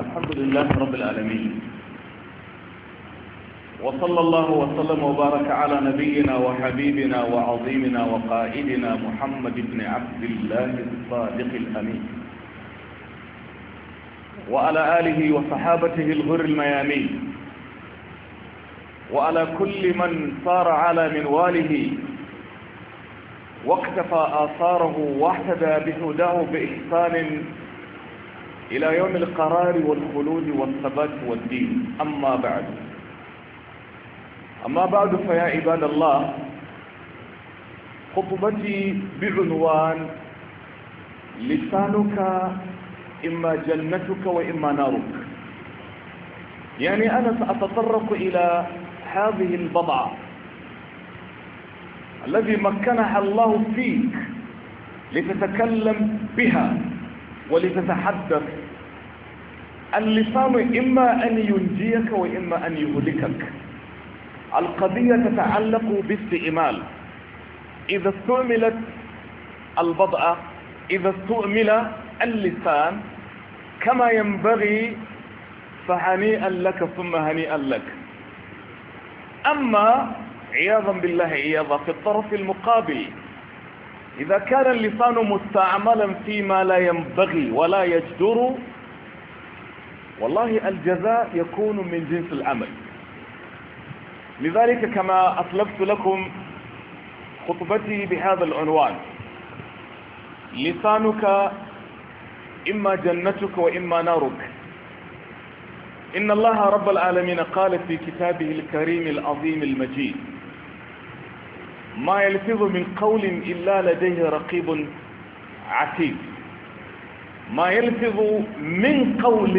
الحمد لله رب العالمين وصلى الله وسلم وبارك على نبينا وحبيبنا وعظيمنا وقائدنا محمد بن عبد الله الصادق الأمين وعلى آله وصحابته الغر الميامين وعلى كل من صار على منواله واقتفى آثاره واحتدى بهداه بإحسان إلى يوم القرار والخلود والثبات والدين أما بعد أما بعد فيا عباد الله خطبتي بعنوان لسانك إما جنتك وإما نارك يعني أنا سأتطرق إلى هذه البضعة الذي مكنها الله فيك لتتكلم بها ولتتحدث اللسان إما أن ينجيك وإما أن يهلكك القضية تتعلق باستئمال إذا استعملت البضعة إذا استعمل اللسان كما ينبغي فهنيئا لك ثم هنيئا لك أما عياذا بالله عياذا في الطرف المقابل إذا كان اللسان مستعملا فيما لا ينبغي ولا يجدر والله الجزاء يكون من جنس العمل لذلك كما أطلبت لكم خطبتي بهذا العنوان لسانك إما جنتك وإما نارك إن الله رب العالمين قال في كتابه الكريم العظيم المجيد ما يلفظ من قول إلا لديه رقيب عتيد ما يلفظ من قول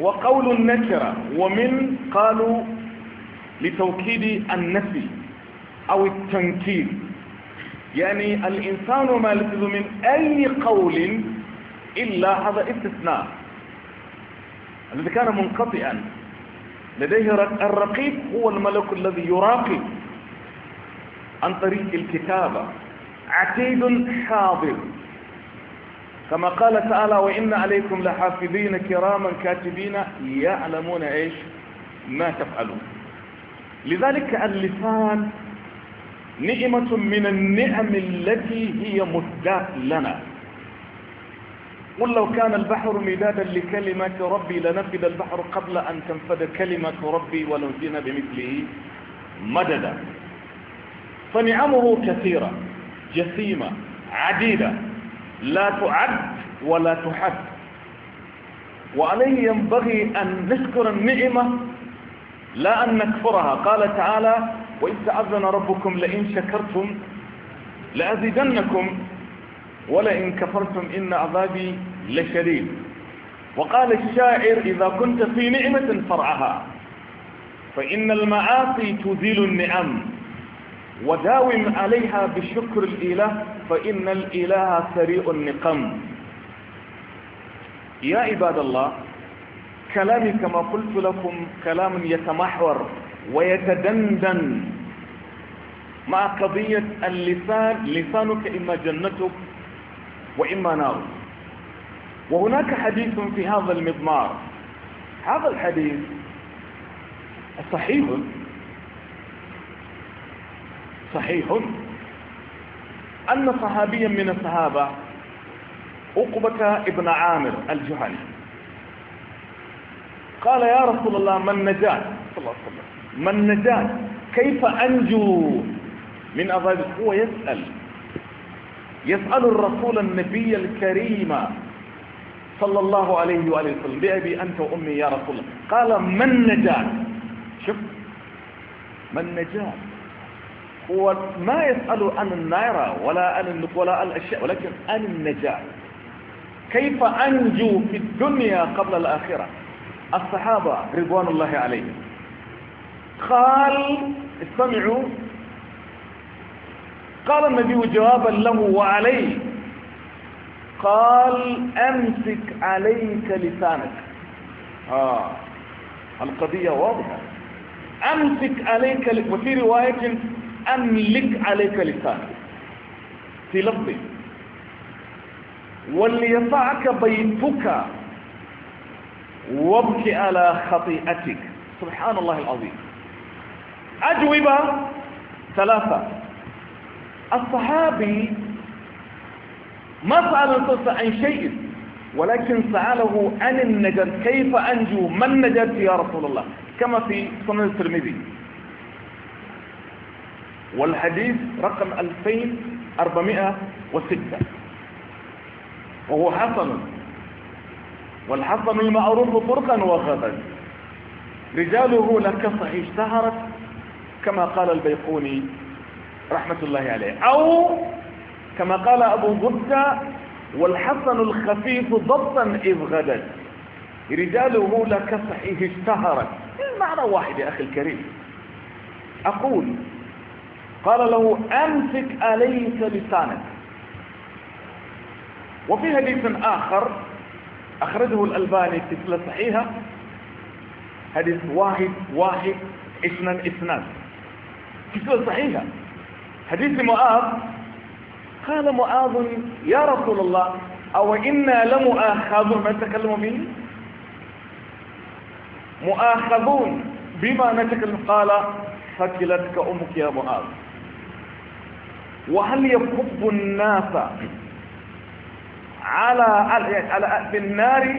وقول النكرة ومن قالوا لتوكيد النفي أو التنكير يعني الإنسان ما لفظ من أي قول إلا هذا استثناء الذي كان منقطعا لديه الرقيب هو الملك الذي يراقب عن طريق الكتابة عتيد حاضر كما قال تعالى وإن عليكم لحافظين كراما كاتبين يعلمون إيش ما تفعلون لذلك اللسان نعمة من النعم التي هي مدى لنا قل لو كان البحر مدادا لكلمات ربي لنفد البحر قبل أن تنفد كلمة ربي ولو جئنا بمثله مددا فنعمه كثيرة جسيمة عديدة لا تعد ولا تحد وعليه ينبغي أن نشكر النعمة لا أن نكفرها قال تعالى وإذ تعذن ربكم لئن شكرتم لأزيدنكم ولئن كفرتم إن عذابي لشديد وقال الشاعر إذا كنت في نعمة فرعها فإن المعاصي تزيل النعم وداوم عليها بشكر الإله فإن الإله سريع النقم يا عباد الله كلامي كما قلت لكم كلام يتمحور ويتدندن مع قضية اللسان لسانك إما جنتك وإما نار وهناك حديث في هذا المضمار هذا الحديث صحيح صحيح أن صحابيا من الصحابة أقبة ابن عامر الجهني قال يا رسول الله من النجاة صلى الله عليه وسلم من النجاة كيف أنجو من عذاب هو يسأل يسأل الرسول النبي الكريم صلى الله عليه وآله وسلم بأبي أنت وأمي يا رسول الله قال من النجاة شوف من النجاة هو ما يسأل عن النار ولا عن ولا عن الأشياء ولكن عن النجاة كيف أنجو في الدنيا قبل الآخرة الصحابة رضوان الله عليهم قال استمعوا قال النبي جوابا له وعليه قال أمسك عليك لسانك آه القضية واضحة أمسك عليك وفي رواية أملك عليك لسانك في لفظه وليطعك بيتك وابك على خطيئتك سبحان الله العظيم أجوبة ثلاثة الصحابي ما سأل القصة عن شيء ولكن سأله عن النجد كيف أنجو من نجد يا رسول الله كما في سنن الترمذي والحديث رقم 2406 وهو حسن والحسن المعروف فرقا وغدا رجاله صحيح اشتهرت كما قال البيقوني رحمة الله عليه أو كما قال أبو ضبطة والحسن الخفيف ضبطا إذ غدت رجاله لكصحه اشتهرت المعنى واحد يا أخي الكريم أقول قال له أمسك عليك لسانك وفي حديث آخر أخرجه الألباني في سلة صحيحة حديث واحد واحد اثنان اثنان في سلة صحيحة حديث معاذ قال معاذ يا رسول الله أو إنا لمؤاخذون ما يتكلم به مؤاخذون بما نتكلم قال فكلتك أمك يا معاذ وهل يكب الناس على على بالنار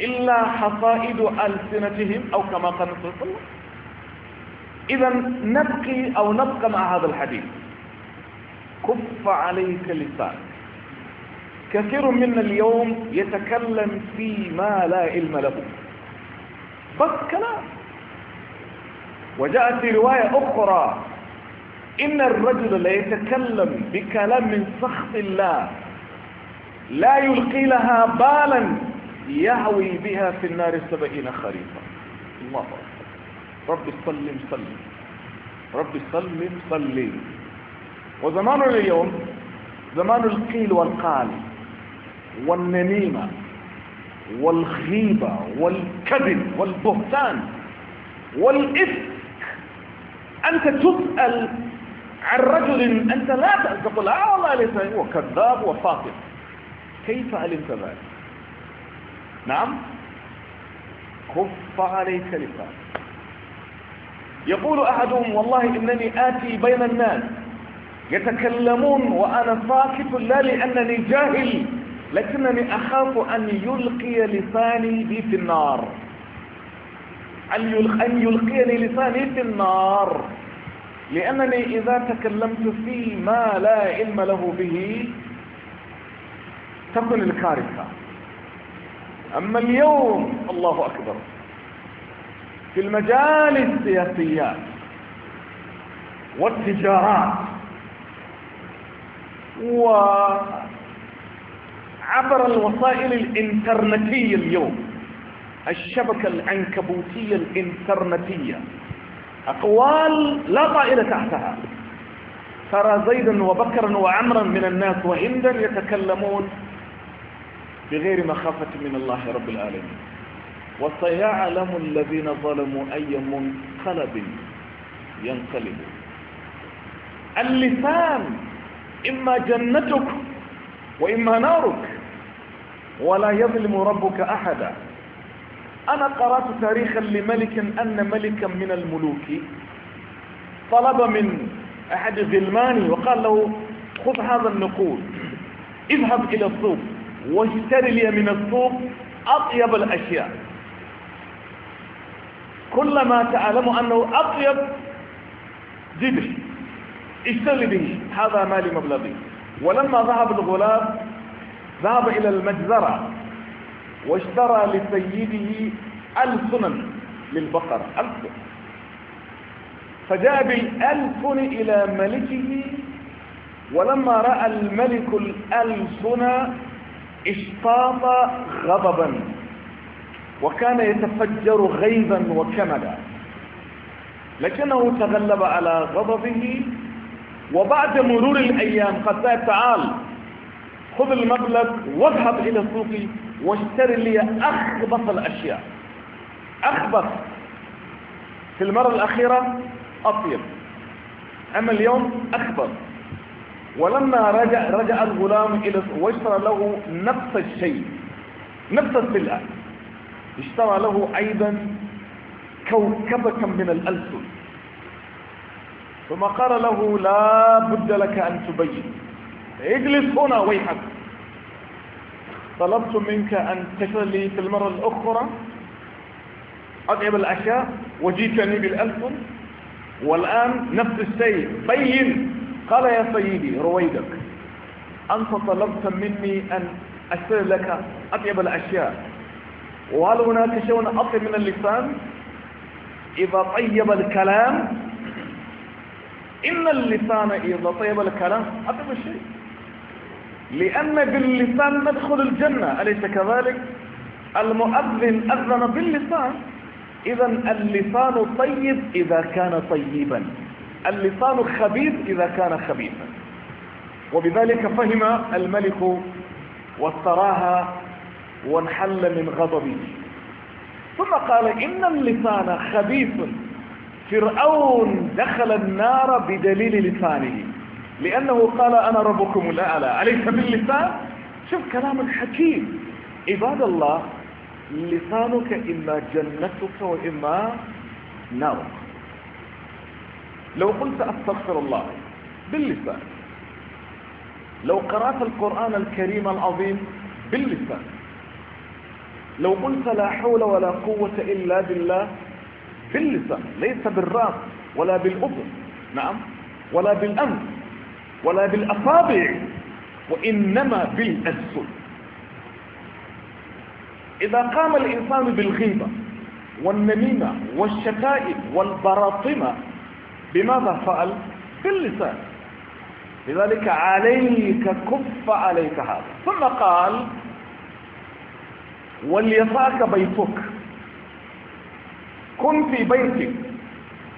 إلا حصائد ألسنتهم أو كما قال النبي صلى الله عليه وسلم إذا نبقي أو نبقى مع هذا الحديث كف عليك لسانك كثير منا اليوم يتكلم فيما لا علم له بس كلام وجاءت في رواية أخرى إن الرجل لا يتكلم بكلام من سخط الله لا يلقي لها بالا يهوي بها في النار سبعين خريفا الله أكبر رب سلم سلم رب سلم سلم وزمان اليوم زمان القيل والقال والنميمة والخيبة والكذب والبهتان والإفك أنت تسأل عن رجل أنت لا تقول لا آه، والله ليس هو كذاب وفاطم كيف علمت ذلك نعم كف عليك لسانك يقول أحدهم والله إنني آتي بين الناس يتكلمون وأنا ساكت لا لأنني جاهل لكنني أخاف أن يلقي لساني بي في النار أن يلقيني لساني في النار لأنني إذا تكلمت في ما لا علم له به تكون الكارثة أما اليوم الله أكبر في المجال السياسيات والتجارات وعبر الوسائل الإنترنتية اليوم الشبكة العنكبوتية الإنترنتية أقوال لا طائل تحتها ترى زيدا وبكرا وعمرا من الناس وهندا يتكلمون بغير مخافة من الله رب العالمين وسيعلم الذين ظلموا أي منقلب ينقلب اللسان إما جنتك وإما نارك ولا يظلم ربك أحدا أنا قرأت تاريخا لملك أن ملكا من الملوك طلب من أحد غلماني وقال له خذ هذا النقود اذهب إلى السوق واشتري لي من السوق أطيب الأشياء كل ما تعلم أنه أطيب جده اشتري به هذا مالي مبلغي ولما ذهب الغلام ذهب إلى المجزرة واشترى لسيده ألسنا للبقر ألسن فجاء بالألسن إلى ملكه ولما رأى الملك الألسن اشتاط غضبا وكان يتفجر غيظا وكمدا لكنه تغلب على غضبه وبعد مرور الأيام قد تعال خذ المبلغ واذهب إلى السوق واشتري لي أخبط الأشياء أخبط في المرة الأخيرة أطيب أما اليوم أخبط ولما رجع رجع الغلام إلى واشترى له نفس الشيء نفس السلعة اشترى له أيضا كوكبة من الألسن ثم قال له لا بد لك أن تبين اجلس هنا ويحك طلبت منك أن تشتري لي في المرة الأخرى أطعم العشاء وجيتني بالالفن والآن نفس الشيء بين قال يا سيدي رويدك أنت طلبت مني أن أشتري لك اطيب الأشياء وهل هناك شيء أطيب من اللسان إذا طيب الكلام إن اللسان إذا طيب الكلام أطيب الشيء لأن باللسان ندخل الجنة أليس كذلك المؤذن أذن باللسان إذا اللسان طيب إذا كان طيبا اللسان خبيث إذا كان خبيثا وبذلك فهم الملك واستراها وانحل من غضبه ثم قال إن اللسان خبيث فرعون دخل النار بدليل لسانه لأنه قال أنا ربكم الأعلى أليس باللسان شوف كلام الحكيم عباد الله لسانك إما جنتك وإما نارك لو قلت أستغفر الله باللسان لو قرأت القرآن الكريم العظيم باللسان لو قلت لا حول ولا قوة إلا بالله باللسان ليس بالراس ولا بالأذن نعم ولا بالأنف ولا بالأصابع وإنما بالأسفل إذا قام الإنسان بالغيبة والنميمة والشتائم والبراطمة بماذا فعل؟ باللسان لذلك عليك كف عليك هذا ثم قال وليصاك بيتك كن في بيتك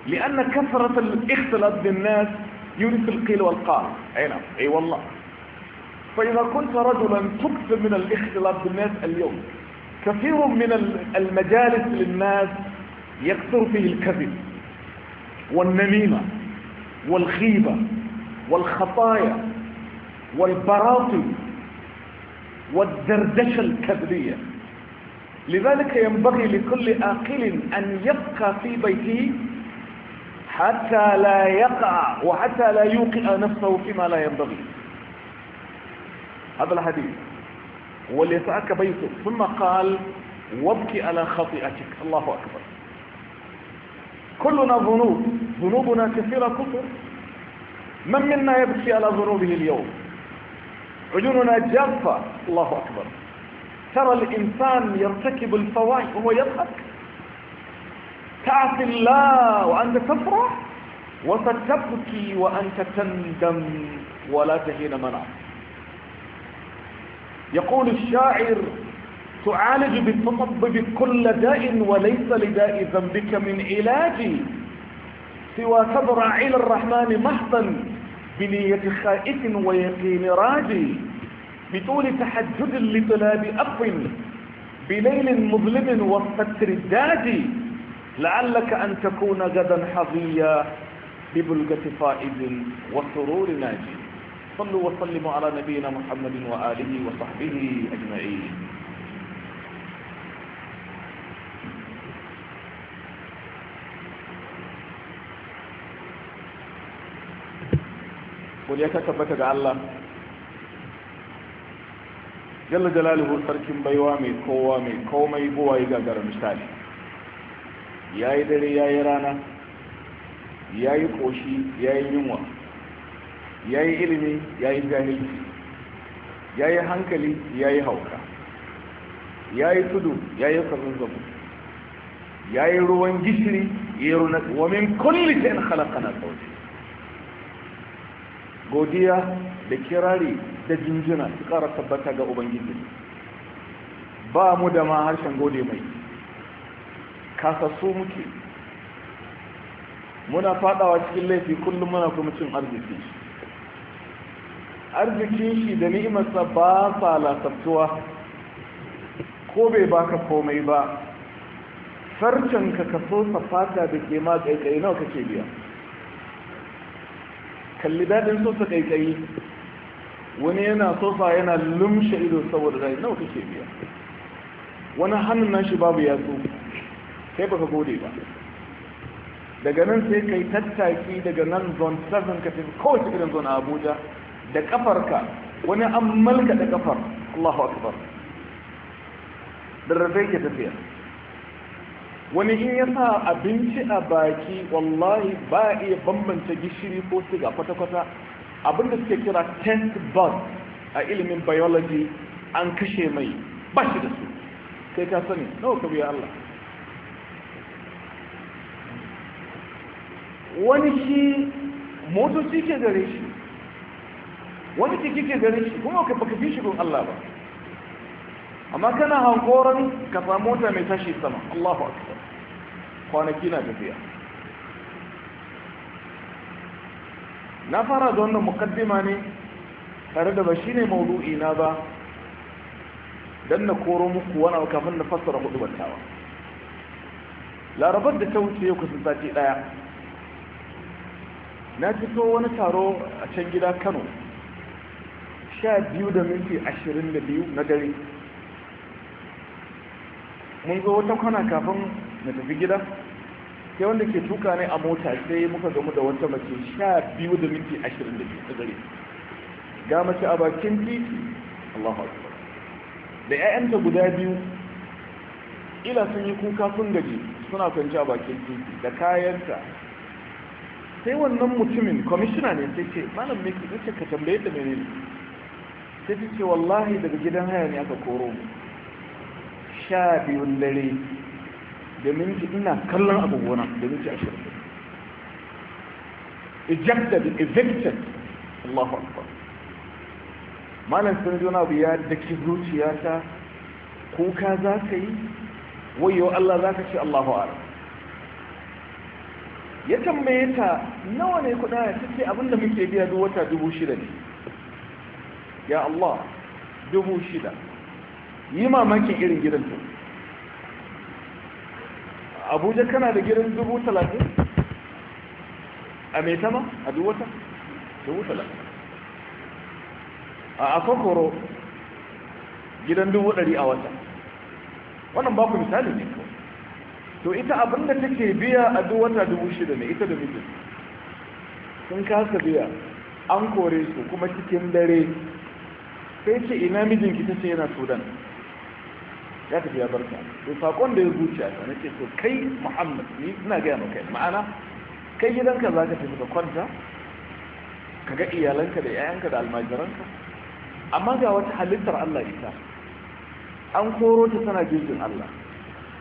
لأن كثرة الاختلاط بالناس يورث القيل والقال اي نعم اي والله فإذا كنت رجلا تكثر من الاختلاط بالناس اليوم كثير من المجالس للناس يكثر فيه الكذب والنميمة والخيبة والخطايا والبراطم والدردشة الكذبية لذلك ينبغي لكل آقل أن يبقى في بيته حتى لا يقع وحتى لا يوقع نفسه فيما لا ينبغي هذا الحديث وليسعك بيته ثم قال وابكي على خطيئتك الله أكبر كلنا ذنوب ذنوبنا كثيرة كثر من منا يبكي على ذنوبه اليوم عيوننا جافة الله أكبر ترى الإنسان يرتكب الفواحش وهو يضحك تعصي الله وأنت تفرح وستبكي وأنت تندم ولا تهين منع يقول الشاعر تعالج بالتطبب كل داء وليس لداء ذنبك من علاج سوى تبرع إلى الرحمن محضا بنية خائف ويقين راجي بطول تحجد لطلاب أف بليل مظلم والستر الدادي لعلك أن تكون غدا حظيا ببلغة فائد وسرور ناجي صلوا وسلموا على نبينا محمد وآله وصحبه أجمعين قل يتكبك جعل الله جل جلاله سركم بيوامي كوامي كومي بوائي قادر مشتاني ya yi dare ya yi rana ya yi ƙoshi ya yi yunwa ya yi ilimi ya yi jahilci ya yi hankali ya yi hauka ya yi tudu ya yi kazanzabu ya yi ruwan gishiri ya yi runa wamin kulli ta yin na sauti godiya da kirari da jinjina su ƙara tabbata ga ubangiji ba mu da ma harshen gode mai kasassu muke muna fadawa cikin laifi kullum muna kuma cin arziki arzikin shi da ni'imarsa ba sa lasabtuwa ko bai baka komai ba farcen ka kaso safata da ke ma kaikai nawa kake biya kalli dadin sosa kaikai wani yana sofa yana lumshe ido saboda dai nawa kake biya wani hannun nashi babu yatsu sai baka gode ba daga nan sai kai tattaki daga nan zone 7 ka tafi cikin irin zone a abuja da kafarka wani an malka da kafar allahu akbar da ke tafiya wani in ya sa abinci a baki wallahi ba iya bambanta gishiri ko siga kwata-kwata abinda suke kira test bus a ilimin biology an kashe mai ba shi da su kai ka sani nawa ka biya Allah wani shi motoci ke gare shi wani ciki ke gare shi kuma ka baka fi Allah ba amma kana hankoron ka samu mota mai tashi sama Allahu akbar kwanaki na tafiya na fara da wannan mukaddima ne tare da ba shi ne maudu'i na ba dan na koro muku wani kafin na fassara hudu bantawa larabar da ta wuce yau kusan sati daya na fito wani taro a can gida kano sha biyu da minti ashirin da biyu na dare mun zo wata kwana kafin na tafi gida sai wanda ke tuka ne a mota sai muka gamu da wata mace sha biyu da minti ashirin da biyu na dare ga mace a bakin titi allahu akbar da 'ya'yanta guda biyu ila sun yi kuka sun gaji suna kwanci a bakin titi da kayanta sai wannan mutumin kwamishina ne sai ce malam mai kudu ka tambaye da mene ne sai ta ce wallahi daga gidan haya ne aka koro mu sha biyun dare da minti ina kallon abu gona da minti ashirin ejected evicted Allahu akbar malam sun zo na abu ya daki zuciya ta kuka za ka yi wayo Allah za ka ce Allahu akbar ya tambaye ta nawa ne kuɗa ya ce abinda muke biya duk wata dubu shida ne ya Allah dubu shida yi mamakin irin gidan ta abuja kana da gidan dubu talatin a mai tama a duk wata dubu talatin a akokoro gidan dubu ɗari a wata wannan ba ku misali ne to ita abin da take biya a duk wata dubu shida ne ita da mijin sun kasa biya an kore su kuma cikin dare sai ce ina mijinki kita ce yana sudan ya tafi ya barka to sakon da ya zuciya ta nake so kai muhammad ni ina gaya maka ma'ana kai gidanka za ka tafi ka kwanta ka ga iyalanka da 'ya'yanka da almajiranka amma ga wata halittar allah ita an koro ta tana jirgin allah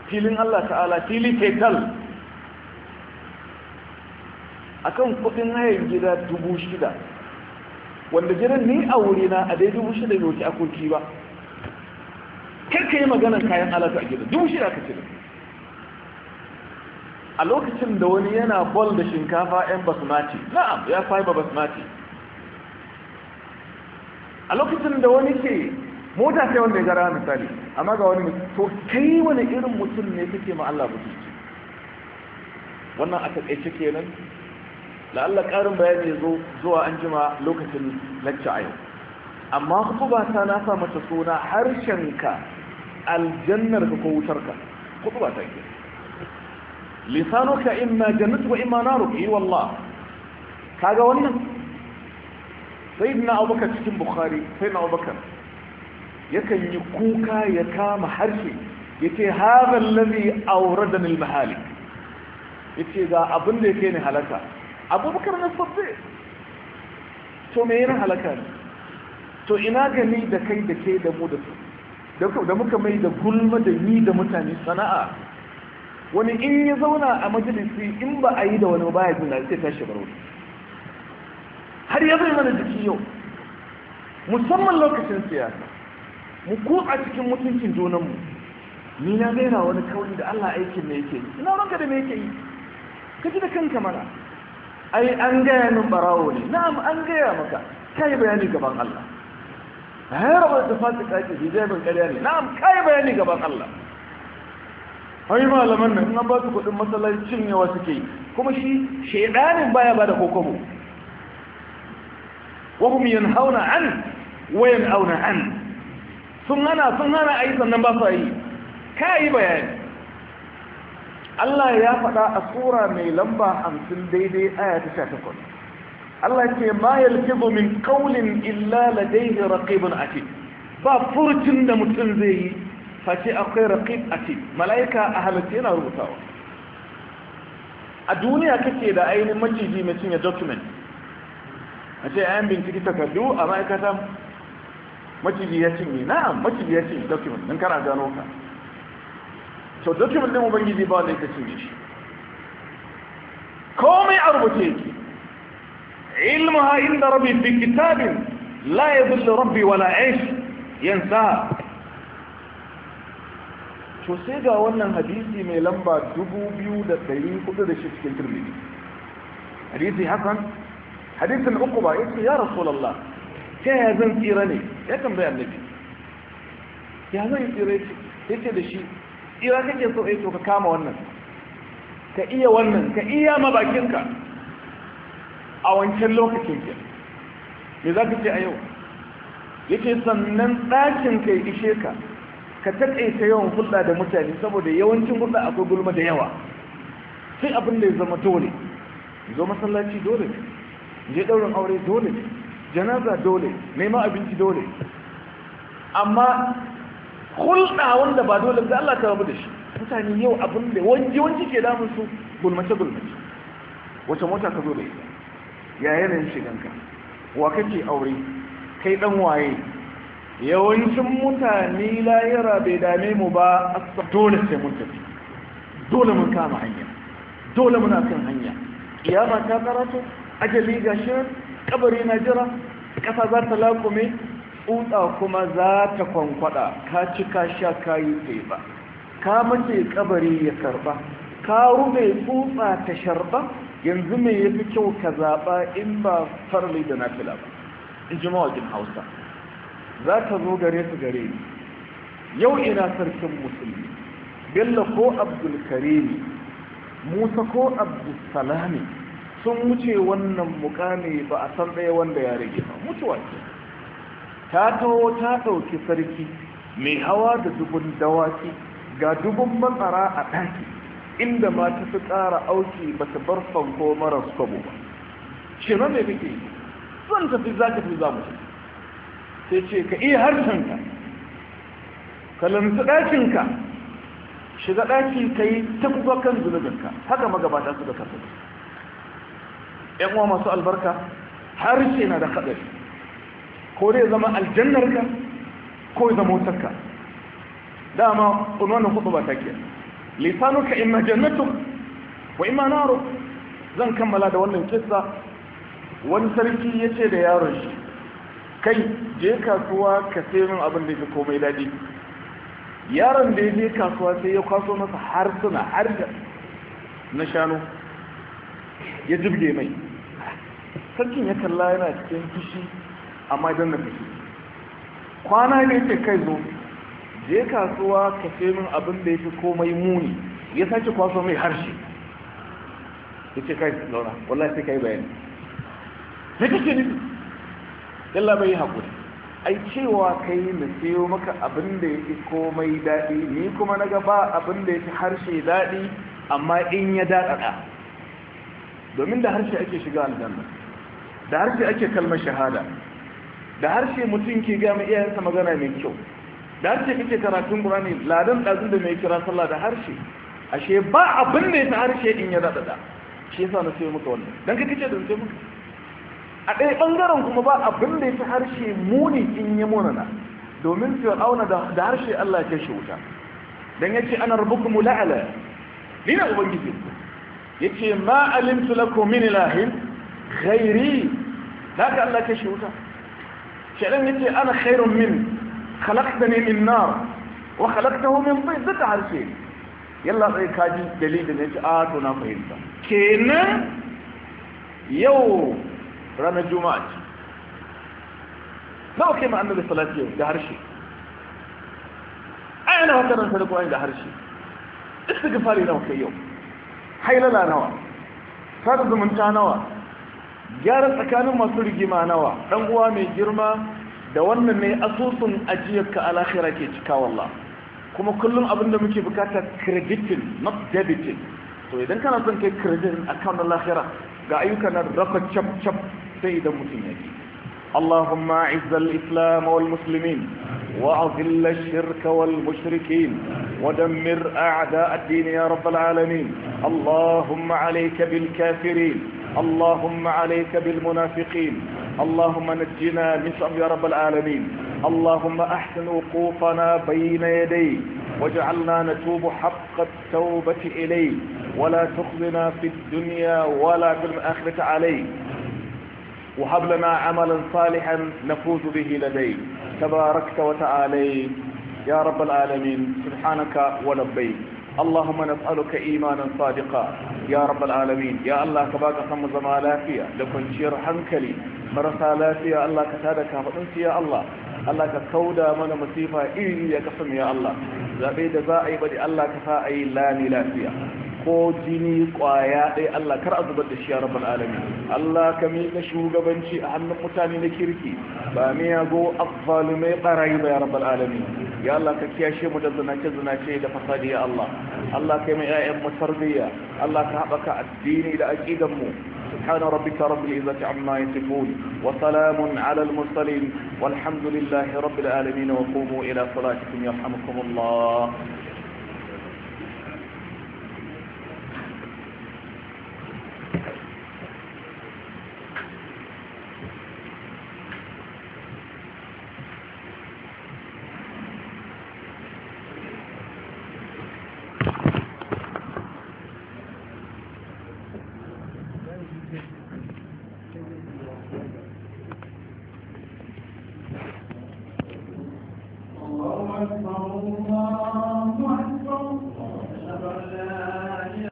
filin Allah ta'ala fili A kan kudin hayan gida dubu shida wanda gidan ni a wurina a dai dubu shida yau ki kurki ba karka yi maganar kayan alaka a gida dubu shida ka cire a lokacin da wani yana bol da shinkafa yan basmati na'am ya faiba basmati a lokacin da wani ke mota sai wanda ya gara misali amma ga wani to kai wani irin mutum ne suke ma Allah mutunci wannan a taƙaice kenan la'alla ƙarin bayani zo zuwa an jima lokacin lacca a yau amma kutuba ta na sa mata suna harshenka aljannarka ko wutarka kutuba ta ke lisanuka imma jannatu wa imma naru yi eh wallah kaga wannan na abubakar cikin bukhari na abubakar yakan yi kuka ya kama harshe yace hadha allazi awradani al-mahalik yake ga abin da yake ne halaka abubakar na sabbe to me yana halaka ne to ina gani da kai da ke da mu da da muka mai da gulma da ni da mutane sana'a wani in ya zauna a majalisi in ba a yi da wani baya jin sai tashi bar wani har ya zai da jiki yau musamman lokacin siyasa mu ko a cikin mutuncin junanmu ni na gaira wani kauri da Allah aikin ne yake yi ina ranka da me yake yi ka ji da kanka mana ai an gaya min barawo ne na'am an gaya maka kai bayani gaban Allah ai rabar da fasi kake hijabin ƙarya ne na'am kai bayani gaban Allah ai malaman nan an ba su kuɗin masallaci yawa suke kuma shi shedanin baya ba da kokobo wa hum yanhauna an wa yan'auna an sun hana sun hana a yi sannan ba su yi ka yi bayani Allah ya faɗa a tsura mai lamba hamsin daidai aya ta sha takwas Allah ce ma yalfizu min kaulin illa ladayhi raqibun atid ba furcin da mutum zai yi face akwai raqib atid malaika a halittu yana rubutawa a duniya kake da ainihin maciji mai cinye document a ce ayan binciki takardu a ma'aikata maciji ya cinye na'am maciji ya cinye document din kana gano ka to document din ubangiji ba ne ka cinye shi komai a rubuce yake ha inda rabbi fi kitabin la yadhillu rabbi wala aish yansa to sai ga wannan hadisi mai lamba 2400 cikin tirmidhi hadisi hasan hadisin uquba yace ya rasu rasulullah ta yaya zan tsira ne ya tambaya annabi ya zan yi tsira ya ce da shi tsira kake so ya eh, ka kama wannan ka iya wannan ka iya mabakinka a wancan lokacin ke me za ka ce a yau ya ce sannan ɗakin kai ishe ka ka taƙaita yawan hulɗa da mutane saboda yawancin hulɗa akwai gulma da yawa sai abin da ya zama dole zo masallaci dole ne, je ɗaurin aure dole ne. janaza dole neman abinci dole amma hulɗa wanda ba dole ga Allah ta rabu da shi mutane yau abin da yawanci ke damun su gulmace gulmace wata mota ka zo da ita ya yanayin shiganka wa kake aure kai dan waye yawancin mutane layira bai dame mu ba dole sai mun tafi dole mun kama hanya dole muna kan hanya ba ta karatu ajali gashi kabari na jira ƙasa za ta lakume tsutsa kuma za ta kwankwada ka ci ka sha ka yi ba. ka mace kabari ya karba ka rube tsutsa ta sharba yanzu mai yafi kyau ka zaɓa in ba farli da na fila ba in ji mawakin hausa za ka zo gare su gare ni yau ina sarkin musulmi bello ko abdulkarimi musa ko abdulsalami sun wuce wannan mukami ba a san ɗaya wanda ya rage ba mutuwa ce ta taho ta ɗauki sarki mai hawa da dubun dawaki ga dubun matsara a ɗaki inda ma ta fi ƙara auki ba ta bar fanko mara kwabo ba shira mai rike zan tafi za ka fi za mu sai ce ka iya harshenka ka lansu ɗakinka shiga ɗaki ka yi tabbakan zunubinka haka magabata su da kasance yan uwa masu albarka harshe na da kaɗai, ko dai zama aljannar ka, ko zama wutarka dama unwanin hudu ba take lisanuka imma jannatuk wa imma naro zan kammala da wannan kisa wani sarki ya ce da yaron shi kai je kasuwa ka sai min abin da ya komai daɗi yaron da ya je kasuwa sai ya kwaso masa harsuna harka na shanu ya jibge mai sarkin ya kalla yana cikin fushi amma don na fushi kwana ne ce kai zo je kasuwa ka ce min abin da ya fi komai muni ya sace kwaso mai harshe ya ce kai laura wallahi sai kai bayani sai kake nufi yalla bai yi haƙuri ai cewa kai na sayo maka abin da ya fi komai daɗi ni kuma na ga ba abin da ya fi harshe daɗi amma in ya daɗaɗa domin da harshe ake shiga aljanna da harshe ake kalmar shahada da harshe mutum ke gama iyayensa magana mai kyau da harshe kake karatun burani ladan ɗazu da mai kira sallah da harshe ashe ba abin da ya ta harshe in ya daɗaɗa shi yasa na sai muka wannan don ka kace da sai muka a ɗaya ɓangaren kuma ba abin da ya ta harshe muni in ya munana domin auna da harshe Allah ya kashe wuta dan ce ana mu la'ala ni na ubangiji yace ma alimtu lakum min ilahin خيري لك الله كشوتا شعلان نتي أنا خير منه خلقتني من نار وخلقته من طين ذات عرسين يلا رأيك هذه انك نتي آت ونفهم كينا يو رانا جمعة ما هو كما أنه بصلاة يوم ده عرشي أعنى وكذا نفلقوا أين ده عرشي استقفالي نوكي يوم حيلنا نوا فرض من تانوا gyara tsakanin masu rigima nawa dan uwa mai girma da wannan mai asusun ajiyar ka alakhira ke cika wallah kuma kullum abin da muke bukata crediting not debiting to idan kana son kai crediting account alakhira ga ayyuka na rafa cap cap sai idan mutum ya yi اللهم اعز الإسلام والمسلمين وأذل الشرك والمشركين ودمر أعداء الدين يا رب العالمين اللهم عليك بالكافرين اللهم عليك بالمنافقين اللهم نجنا منهم يا رب العالمين اللهم أحسن وقوفنا بين يديك واجعلنا نتوب حق التوبة إليك ولا تخزنا في الدنيا ولا في الآخرة عليك وهب لنا عملا صالحا نفوز به لديك تباركت وتعاليت يا رب العالمين سبحانك ولبيك اللهم نسألك إيمانا صادقا يا رب العالمين يا الله كباك صمزم على lafiya da kwanciyar hankali marasa lafiya Allah ka tada kafaɗinsu ya Allah Allah ka kauda mana masifa iri ya kasan ya Allah zaɓe da za a yi bari Allah ka sa a yi lami lafiya ko jini ƙwaya ɗaya Allah kar a zubar da shi ya rabbal alamin Allah ka miƙa shugabanci a hannun mutane na kirki ba miyago azzalumai ɓarayi ba ya rabbal alamin ya Allah ka kiyashe mu da zinace zinace da fasadi ya Allah Allah kai mai ƴaƴan mu tarbiyya Allah ka haɓaka addini da aqidan mu سبحان ربك رب العزة عما يصفون وسلام على المرسلين والحمد لله رب العالمين وقوموا إلى صلاتكم يرحمكم الله